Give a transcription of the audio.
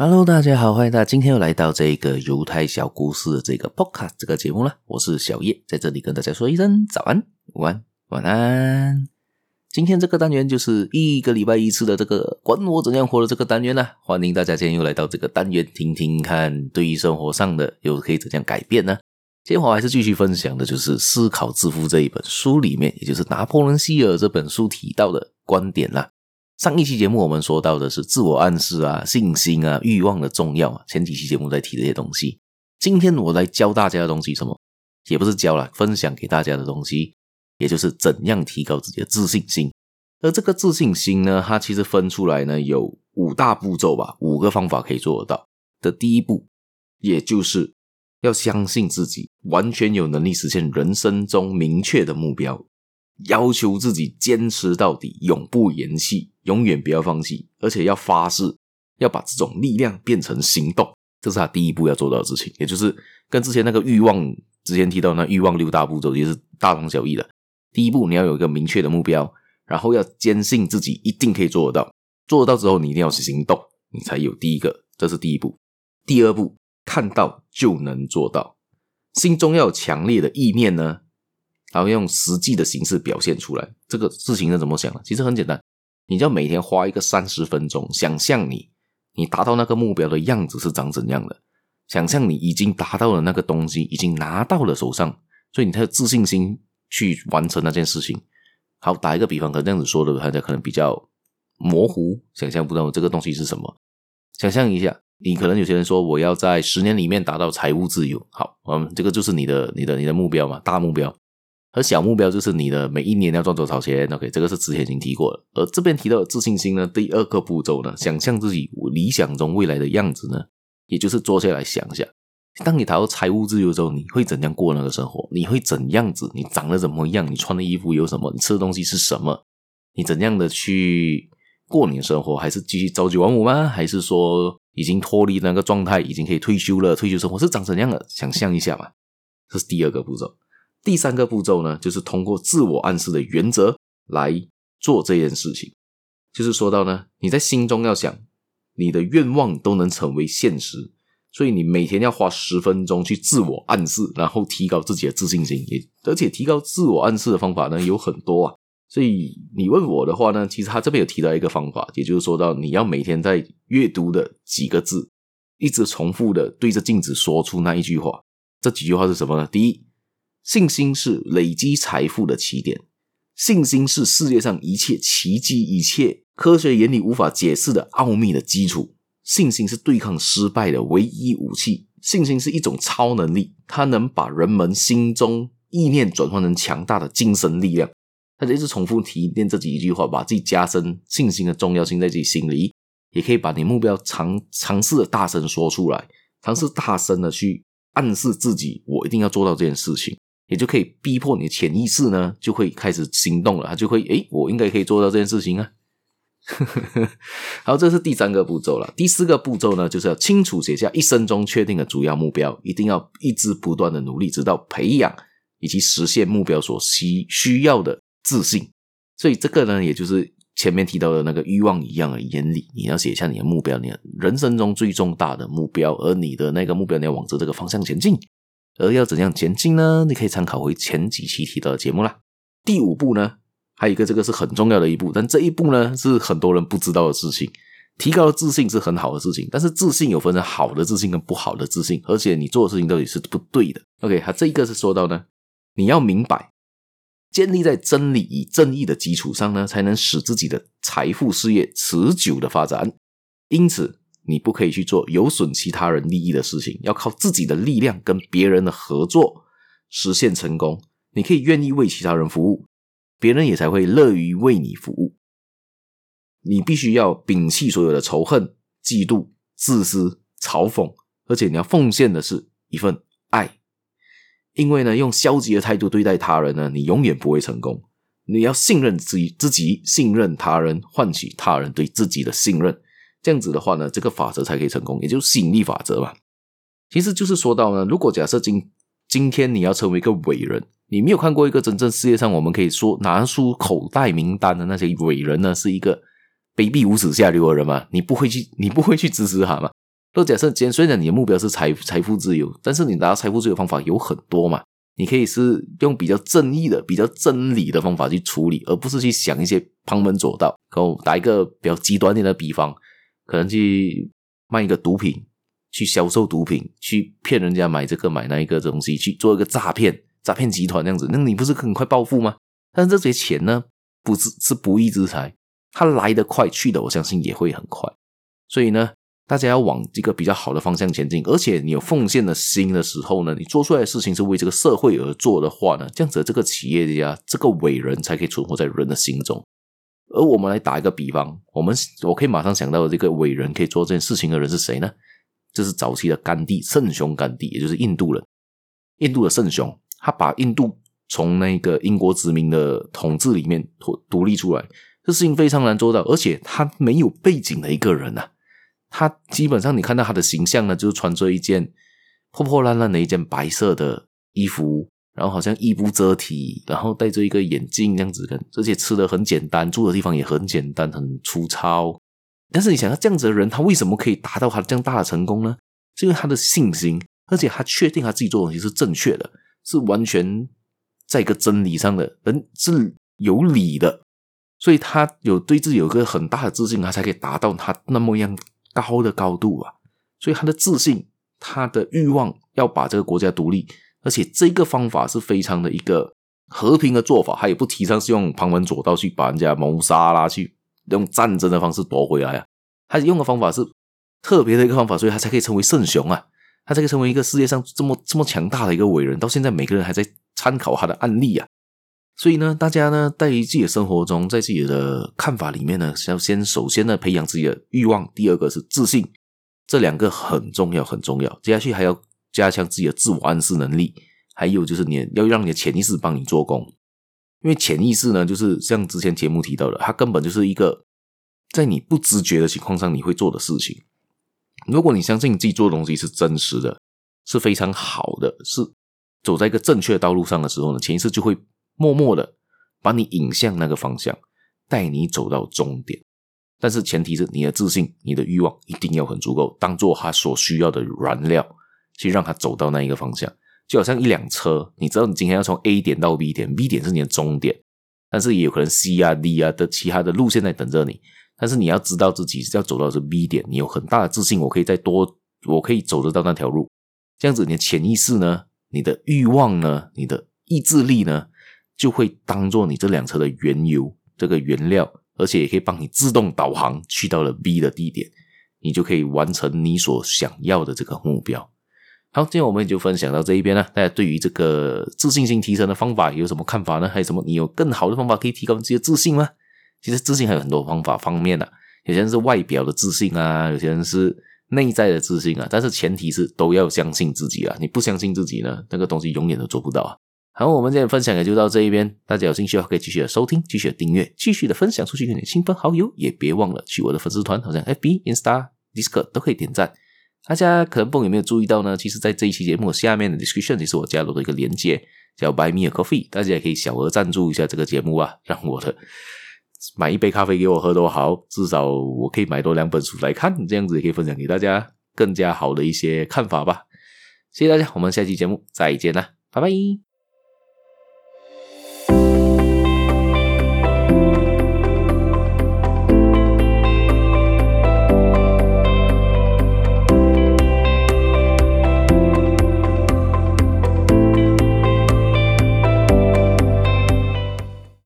哈嘍，大家好，歡迎大家今天又來到這個猶太小故事的這個 Podcast 這個節目了。我是小葉，在這裡跟大家說一聲早安、午安、晚安。今天這個單元就是一個禮拜一次的這個“管我怎樣活”的這個單元呢、啊。歡迎大家今天又來到這個單元聽聽看，對於生活上的又可以怎樣改變呢？今天我還是繼續分享的，就是《思考致富》這一本書裡面，也就是拿破崙希爾這本書提到的觀點啦、啊。上一期節目我們說到的是自我暗示啊、信心啊、慾望的重要啊，前幾期節目在提這些東西。今天我來教大家的東西，什麼也不是教啦，分享給大家的東西，也就是怎樣提高自己的自信心。而這個自信心呢，它其實分出來呢有五大步驟吧，五個方法可以做得到的。第一步，也就是要相信自己完全有能力實現人生中明確的目標，要求自己堅持到底，永不言棄。永遠不要放棄，而且要發誓要把這種力量變成行動，這是他第一步要做到的事情，也就是跟之前那個欲望，之前提到那欲望六大步驟也是大同小異的。第一步，你要有一個明確的目標，然後要堅信自己一定可以做得到。做得到之後，你一定要去行動，你才有第一個，這是第一步。第二步，看到就能做到，心中要有強烈的意念呢，然後用實際的形式表現出來。這個事情是怎麼想的？其實很簡單。你就每天花一個三十分鐘，想象你，你達到那個目標的樣子是長怎樣的？想象你已經達到了那個東西，已經拿到了手上，所以你才有自信心去完成那件事情。好，打一個比方，可能這樣子說的，大家可能比較模糊，想象不到這個東西是什麼。想象一下，你可能有些人說，我要在十年裡面達到財務自由。好，嗯，這個就是你的、你的、你的目標嘛，大目標。而小目標就是你的每一年要賺多少錢。OK，這個是之前已經提過了。而這邊提到的自信心呢，第二個步驟呢，想象自己理想中未來的樣子呢，也就是坐下來想一下，當你達到財務自由之後，你會怎樣過那個生活？你會怎樣子？你長得怎麼樣？你穿的衣服有什麼？你吃的東西是什麼？你怎樣的去過你的生活？還是繼續朝九晚五嗎？還是說已經脫離那個狀態，已經可以退休了？退休生活是長怎樣的？想象一下嘛，這是第二個步驟。第三個步驟呢，就是通過自我暗示的原則來做這件事情。就是說到呢，你在心中要想你的願望都能成為現實，所以你每天要花十分鐘去自我暗示，然後提高自己的自信心也。也而且提高自我暗示的方法呢有很多啊。所以你問我的話呢，其實他這邊有提到一個方法，也就是說到你要每天在閱讀的幾個字，一直重複的對着鏡子說出那一句話。這幾句話是什麼呢？第一。信心是累積財富的起點，信心是世界上一切奇蹟、一切科學原理無法解釋的奧秘的基礎。信心是對抗失敗的唯一武器。信心是一種超能力，它能把人們心中意念轉換成強大的精神力量。大家一直重複提煉這幾句話，把自己加深信心的重要性，在自己心裡，也可以把你目標嘗嘗試的大聲說出來，嘗試大聲的去暗示自己：我一定要做到這件事情。也就可以逼迫你的潛意識呢，就會開始行動了。他就會誒，我應該可以做到這件事情啊。 好，這是第三個步驟了。第四個步驟呢，就是要清楚寫下一生中確定的主要目標，一定要一直不斷的努力，直到培養以及實現目標所需需要的自信。所以這個呢，也就是前面提到的那個欲望一樣的原理。你要寫下你的目標，你人生中最重大的目標，而你的那個目標你要往着這個方向前進。而要怎樣前進呢？你可以參考回前幾期提到的節目啦。第五步呢，還有一個這個是很重要的一步，但這一步呢，是很多人不知道的事情。提高了自信是很好的事情，但是自信有分成好的自信跟不好的自信，而且你做的事情到底是不對的。OK，它這一個是說到呢，你要明白，建立在真理與正義的基礎上呢，才能使自己的財富事業持久的發展。因此，你不可以去做有損其他人利益的事情，要靠自己的力量跟別人的合作實現成功。你可以願意為其他人服務，別人也才會樂於為你服務。你必須要摒棄所有的仇恨、嫉妒、自私、嘲諷，而且你要奉獻的是一份愛。因為呢，用消極的態度對待他人呢，你永遠不會成功。你要信任自己，自己信任他人，換取他人對自己的信任。這樣子的話呢，這個法則才可以成功，也就是吸引力法則嘛。其實就是說到呢，如果假設今今天你要成為一個偉人，你沒有看過一個真正世界上我們可以說拿出口袋名單的那些偉人呢，是一個卑鄙無恥下流的人嘛？你不會去，你不會去支持他嘛？若假設今天，雖然你的目標是財財富自由，但是你達到財富自由的方法有很多嘛？你可以是用比較正義的、比較真理的方法去處理，而不是去想一些旁門左道。然後打一個比較極端點的比方。可能去賣一個毒品，去銷售毒品，去騙人家買這個買那一個東西，去做一個詐騙詐騙集團這樣子，那你不是很快暴富嗎？但是這些錢呢，不是是不義之財，它來得快，去的我相信也會很快。所以呢，大家要往一個比較好的方向前進。而且你有奉獻的心的時候呢，你做出來的事情是為這個社會而做的話呢，這樣子的這個企業家這個偉人才可以存活在人的心中。而我們來打一個比方，我們我可以馬上想到這個偉人可以做這件事情的人是誰呢？這、就是早期的甘地，聖雄甘地，也就是印度人，印度的聖雄，他把印度從那個英國殖民的統治裡面脫獨立出來，這事情非常難做到，而且他沒有背景的一個人啊，他基本上你看到他的形象呢，就是穿着一件破破爛爛的一件白色的衣服。然後好像衣不遮體，然後戴着一個眼鏡這樣子的，而且吃的很簡單，住的地方也很簡單，很粗糙。但是你想要這樣子的人，他為什麼可以達到他這樣大的成功呢？是因為他的信心，而且他確定他自己做的東西是正確的，是完全在一個真理上的，人是有理的。所以他有對自己有一個很大的自信，他才可以達到他那麼樣高的高度啊。所以他的自信，他的欲望要把這個國家獨立。而且這個方法是非常的一個和平的做法，他也不提倡是用旁門左道去把人家謀殺啦，去用戰爭的方式奪回來啊。他用的方法是特別的一個方法，所以他才可以稱為聖雄啊，他才可以成為一個世界上這麼這麼強大的一個偉人，到現在每個人還在參考他的案例啊。所以呢，大家呢在於自己的生活中，在自己的看法裡面呢，要先首先呢培養自己的慾望，第二個是自信，這兩個很重要很重要。接下去還要。加強自己的自我暗示能力，還有就是你要讓你的潛意識幫你做工，因為潛意識呢，就是像之前節目提到的，它根本就是一個在你不自覺的情況下你會做的事情。如果你相信你自己做的東西是真實的，是非常好的，是走在一個正確的道路上的時候呢，潛意識就會默默的把你引向那個方向，帶你走到終點。但是前提是你的自信、你的慾望一定要很足夠，當做它所需要的燃料。去讓他走到那一個方向，就好像一輛車，你知道你今天要從 A 點到 B 點，B 點是你的終點，但是也有可能 C 啊、D 啊的其他的路線在等着你，但是你要知道自己要走到的是 B 點，你有很大的自信，我可以再多，我可以走得到那條路。這樣子，你的潛意識呢，你的欲望呢，你的意志力呢，就會當做你這輛車的原油，這個原料，而且也可以幫你自動導航去到了 B 的地點，你就可以完成你所想要的這個目標。好，今天我們也就分享到這一邊了。大家對於這個自信心提升的方法有什麼看法呢？還有什麼你有更好的方法可以提高自己的自信嗎？其實自信還有很多方法方面的、啊，有些人是外表的自信啊，有些人是內在的自信啊。但是前提是都要相信自己啊，你不相信自己呢，那個東西永遠都做不到啊。好，我們今天分享也就到這一邊。大家有興趣的話，可以繼續的收聽，繼續的訂閱，繼續的分享出去給你親朋好友，也別忘了去我的粉絲團，好像 FB、Insta、Discord 都可以點讚。大家可能不友有沒有注意到呢？其實，在這一期節目下面的 description 也是我加入的一個連接，叫 Buy Me a Coffee，大家也可以小額贊助一下這個節目啊，讓我的買一杯咖啡給我喝都好，至少我可以買多兩本書來看，這樣子也可以分享給大家更加好的一些看法吧。謝謝大家，我們下期節目再見啦，拜拜。